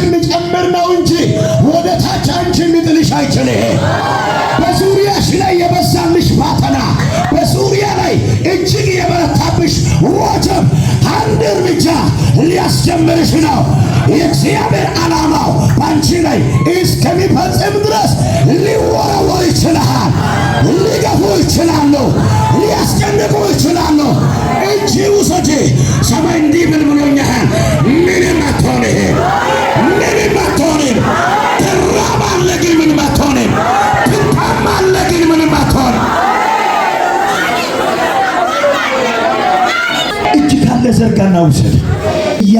አንቺን ሊጨምር ነው እንጂ ወደ ታች አንቺን ሊጥልሽ አይችልህ። በዙሪያሽ ላይ የበዛልሽ ፈተና፣ በዙሪያ ላይ እጅግ የበረታብሽ ወጀብ አንድ እርምጃ ሊያስጀምርሽ ነው። የእግዚአብሔር ዓላማው በአንቺ ላይ እስከሚፈጽም ድረስ ሊወረወር ይችልሃል፣ ሊገፉ ይችላሉ፣ ሊያስጨንቁ ይችላሉ። እጅ ውሰጂ። ሰማይ እንዲህ ብል ብሎኛል፣ ምንም አትሆንህ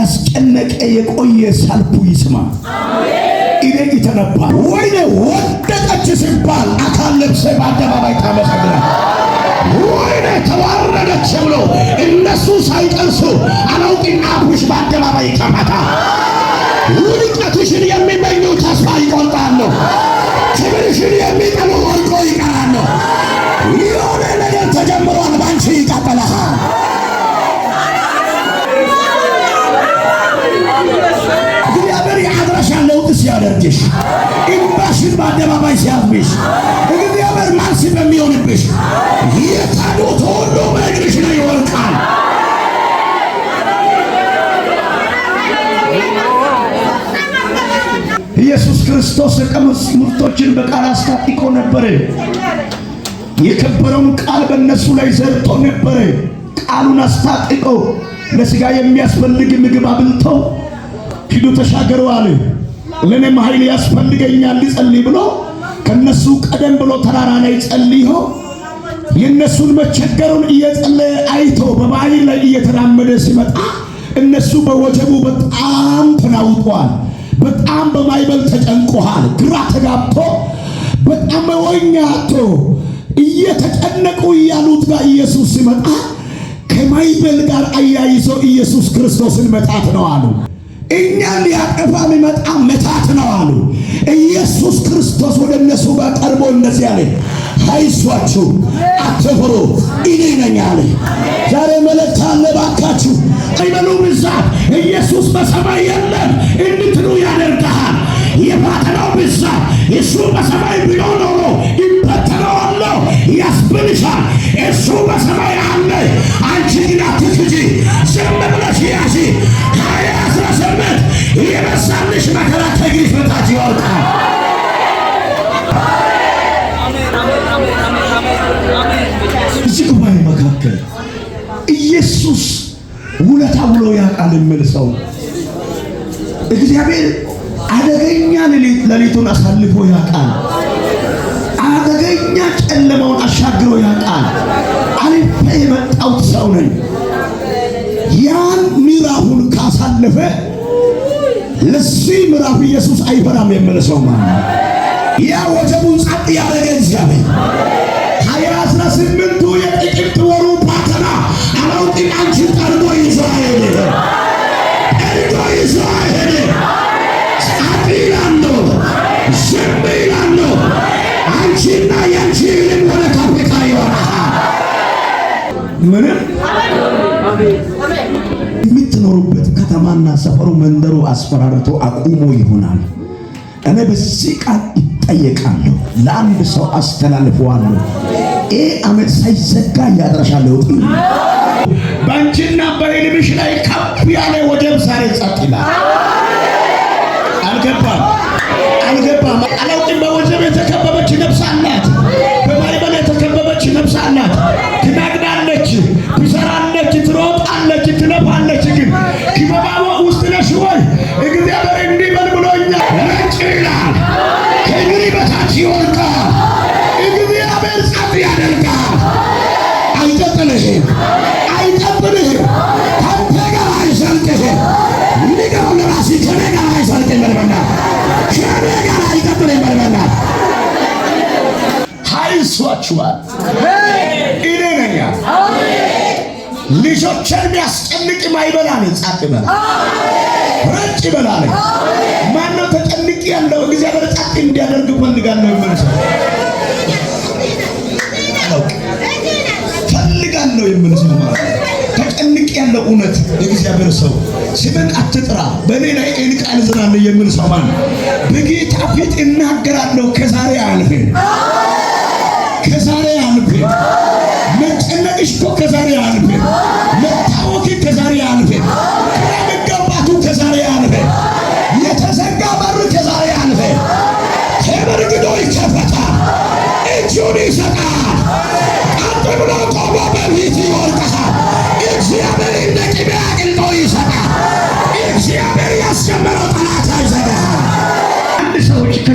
ያስጨነቀ የቆየ ሰልፉ ይስማ። እኔ ይተነባ ወይ ወደቀች ሲባል አካል ለብሰ በአደባባይ ታመሰግናል። ወይኔ ተዋረደች ብሎ እነሱ ሳይጠርሱ አላውቅና አፉሽ በአደባባይ ይቀመጣል። ውድቀትሽን የሚመኙ ተስፋ ይቆርጣሉ። ክብርሽን የሚጠሉ ወድቆ ይቀራሉ። የሆነ ነገር ተጀምሯል፣ ባንቺ ይቀጥላል። ሲያስሽ፣ እንባሽን በአደባባይ ሲያዝብሽ፣ እግዚአብሔር ማርሲ በሚሆንብሽ የታሉ ተወሎ በእግርሽ ላይ ይወልቃል። ኢየሱስ ክርስቶስ ዕቃ ምርቶችን በቃል አስታጥቆ ነበረ። የከበረውን ቃል በእነሱ ላይ ዘርቶ ነበረ። ቃሉን አስታጥቆ ለሥጋ የሚያስፈልግ ምግብ አብልተው ሂዱ ተሻገሩ አለ። ለእኔም ኃይል ያስፈልገኛል ሊጸልይ ብሎ ከነሱ ቀደም ብሎ ተራራ ላይ ጸልዮ የእነሱን መቸገሩን እየጸለየ አይቶ በባሕር ላይ እየተራመደ ሲመጣ እነሱ በወጀቡ በጣም ተናውጧል። በጣም በማይበል ተጨንቆሃል። ግራ ተጋብቶ በጣም መወኛ እየተጨነቁ እያሉት ጋር ኢየሱስ ሲመጣ ከማይበል ጋር አያይዞ ኢየሱስ ክርስቶስን መጣት ነው አሉ። እኛን ሊያጠፋ የሚመጣ መታት ነው አሉ። ኢየሱስ ክርስቶስ ወደ እነሱ ጋር ቀርቦ እነዚህ አለ፣ አይዟችሁ አትፍሩ፣ እኔ ነኝ አለ። ዛሬ መልእክት አለ፣ እባካችሁ አይበሉ ብዛት ኢየሱስ በሰማይ የለም እንድትሉ ያደርግሃል። የፈተናው ብዛት እሱ በሰማይ ቢሆን ኖሮ ይበተነዋለሁ ያስብልሻል። እሱ በሰማይ አለ፣ አንቺ ግን አትክጂ፣ ዝም ብለሽ ያዢ ይጠብቃል። እዚህ ጉባኤ መካከል ኢየሱስ ውለታ ብሎ ያውቃል የሚል ሰው እግዚአብሔር አደገኛ ሌሊቱን አሳልፎ ያውቃል። አደገኛ ጨለማውን አሻግሮ ያውቃል። አልፌ የመጣሁት ሰው ነኝ። ያን ምዕራፉን ካሳለፈ ለዚህ ምዕራፍ ኢየሱስ አይፈራም የመለሰው ማለት ነው። ያ ወጀቡን ጸጥ ያደረገ እግዚአብሔር ሀያ አስራ ስምንቱ የጥቂት ወሩ ፓተና አላውቅም አንቺን ጠርጎ ይዘዋል ጠርጎ ይዘዋል ጸጥ ይላል ዝም ይላል አንቺና የአንቺ ልም ወደ ካፍሪካ ይሆናል ምንም የምትኖሩበት ከተማና ሰፈሩ መንደሩ አስፈራርቶ አቁሞ ይሆናል። እኔ በዚህ ቃል ይጠየቃለሁ፣ ለአንድ ሰው አስተላልፈዋለሁ። ይህ ዓመት ሳይዘጋ ያድረሻ ለውጥ በአንቺና በህልምሽ ላይ ከፍ ያለ ወጀብ ዛሬ ጸጥ ይላል። አልገባም አይጥልህም፣ አይጠብልህም፣ ካንተ ጋር አይሰልጥህም። ንገረው ለራስህ ከኔ ጋር አይሰልጥም በልበና፣ ከኔ ጋር አይጠብልም በልበና። ሀይሷችኋል እኔ ነኝ ልጆችን የሚያስጨንቅ ማይበላ ነኝ። ጻጥ ረጭ ይበላ ማነው ተጨንቅ ያለው? እግዚአብሔር ጻጥ እንዲያደርግ ፈልጋለሁ። የምንሰው ማለት ነው። ተጨንቅ ያለው እውነት የእግዚአብሔር ሰው ስምን አትጥራ፣ በእኔ ላይ ይህን ቃል ዝናለ የምንሰው ማለት በጌታ ፊት እናገራለሁ ከዛሬ አልፌ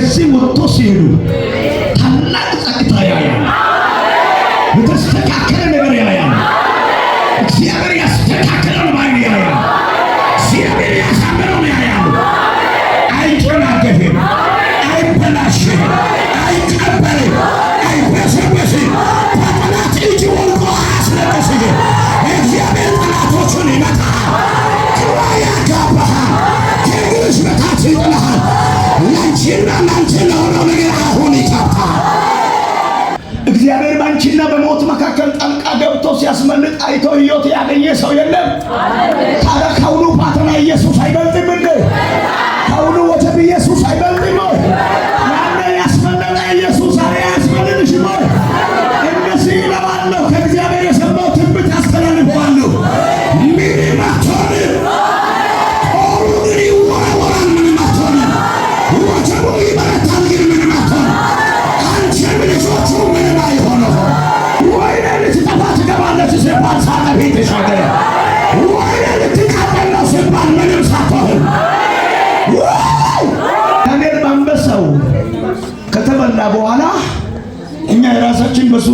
que se mudou, የሚያስመልጥ አይቶ ህይወት ያገኘ ሰው የለም። ታዲያ ከአሁኑ ፓትና ኢየሱስ አይበልጥ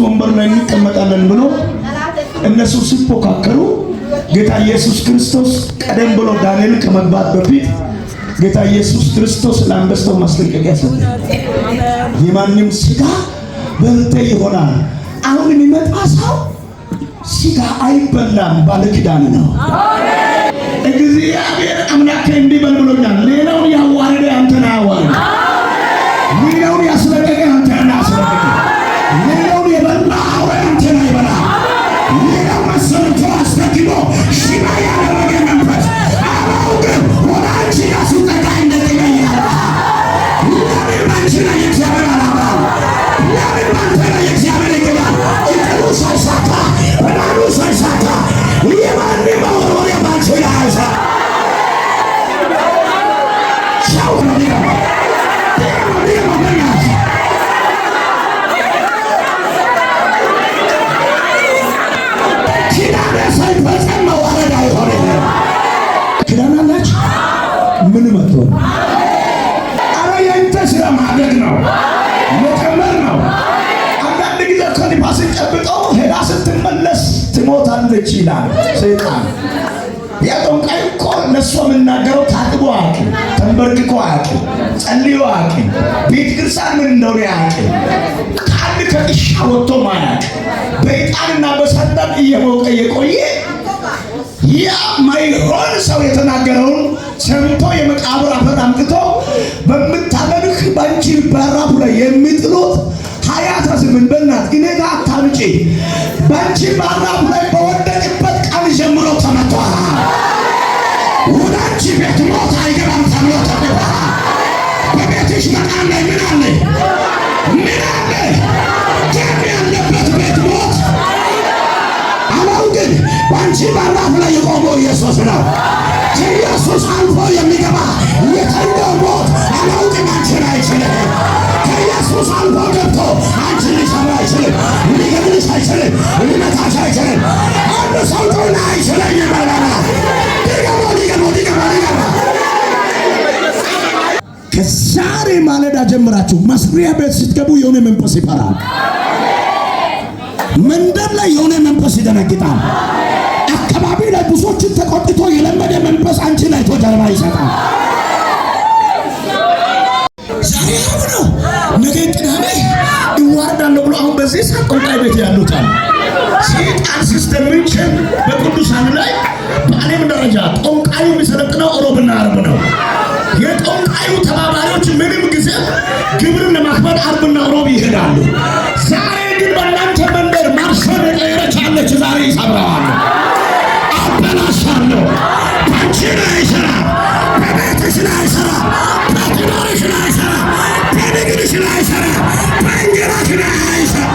ወንበር ላይ እንቀመጣለን ብሎ እነሱ ሲፎካከሩ ጌታ ኢየሱስ ክርስቶስ ቀደም ብሎ ዳንኤል ከመግባት በፊት ጌታ ኢየሱስ ክርስቶስ ለአንበሳው ማስጠንቀቂያ ሰጠ። የማንም ስጋ በልተ ይሆናል። አሁን የሚመጣ ሰው ስጋ አይበላም ባለ ኪዳን ነው። እግዚአብሔር አምላክ እንዲህ በል ብሎኛል። Yeah. ይላል ሰይጣን። ያ ጠንቋይ እኮ እነሱ የምናገረው ታጥቦ አያውቅም፣ ተንበርክኮ አያውቅም፣ ጸልዮ አያውቅም፣ ቤተ ክርስቲያን ምን እንደሆነ አያውቅም፣ ከአንድ ከጥሻ ወጥቶ ማያውቅ በዕጣንና በሰጠን እየሞቀ የቆየ ያ ማይሆን ሰው የተናገረውን ሰምቶ የመቃብር አፈር አምጥቶ በምታመልክ ባንቺ በራፉ ላይ የሚጥሉት ሀያ አስራ በእናት እኔ ጋር አታምጪ ባንቺ በራፉ ላይ በአንቺ ቤት ሞት አይገባም ተብሎ ተደፋል። በቤትሽ መቃን ላይ ምን አለ? ምን አለ? ደም ያለበት ቤት ሞት አለው። ግን በአንቺ በራፍ ላይ የቆመው ኢየሱስ ነው። ከኢየሱስ አልፎ የሚገባ ታውቃላችሁ። መስሪያ ቤት ስትገቡ የሆነ መንፈስ ይፈራል። መንደር ላይ የሆነ መንፈስ ይደነግጣል። አካባቢ ላይ ብዙዎችን ተቆጥቶ የለመደ መንፈስ አንቺ ላይ ተጀርባ ይሰጣል። ዛሬ አሁን ነው ነገ ቅዳሜ እዋርዳለሁ ብሎ አሁን በዚህ ሰዓት ጠንቋይ ቤት ያሉታል። ሰይጣን ሲስተምን በቅዱሳን ላይ በዓለም ደረጃ ቆንቃዩ የሚሰለጥነው ሮብና ዓርብ ነው። ይሰብራሉ። ዛሬ ግን በእናንተ መንደር ማርሰብ የቀየረች አለች። ዛሬ ይሰብረዋሉ፣ አበላሻለሁ። ባንቺ ላይ አይሰራ፣ በቤትሽ ላይ አይሰራ፣ በትዳርሽ ላይ አይሰራ፣ በንግድሽ ላይ አይሰራ፣ በእንጀራሽ ላይ አይሰራ።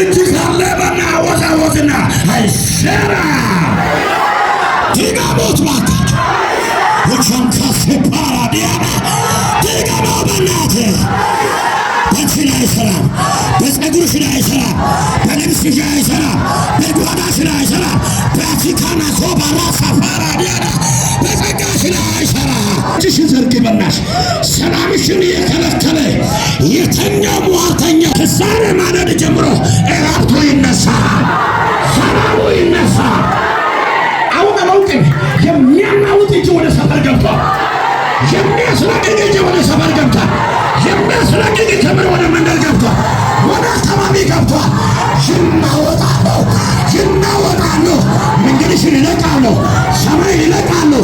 እጅ ካለ በና ወዛወዝና አይሰራ ዲናሞት ማታቸው ውቸንከፍ ፓራዲያ አይሰራም። በአፍሽን አይሰራም። በጸጉርሽን አይሰራም። በልብስሽ አይሰራም። በጓዳሽን አይሰራም። በአፍሪካና ኮባራ ሰፋራ ዲያና በጸጋሽን አይሰራም። እጅሽን ዘርጊ በናትሽ። ሰላምሽን የተለከለ የተኛው ሟርተኛ ከዛሬ ማለዳ ጀምሮ እራብቶ ይነሳል። ሰላሙ ይነሳል። አሁን አላውቅም የሚያናውጥ እጅ ወደ ሰፈር ገብቷል። ክብር ወደ መንደር ገብቷል፣ ወደ አካባቢ ገብቷል። ይናወጣለሁ፣ ይናወጣለሁ፣ መንገድሽን ይለቃለሁ፣ ሰማይ ይለቃለሁ።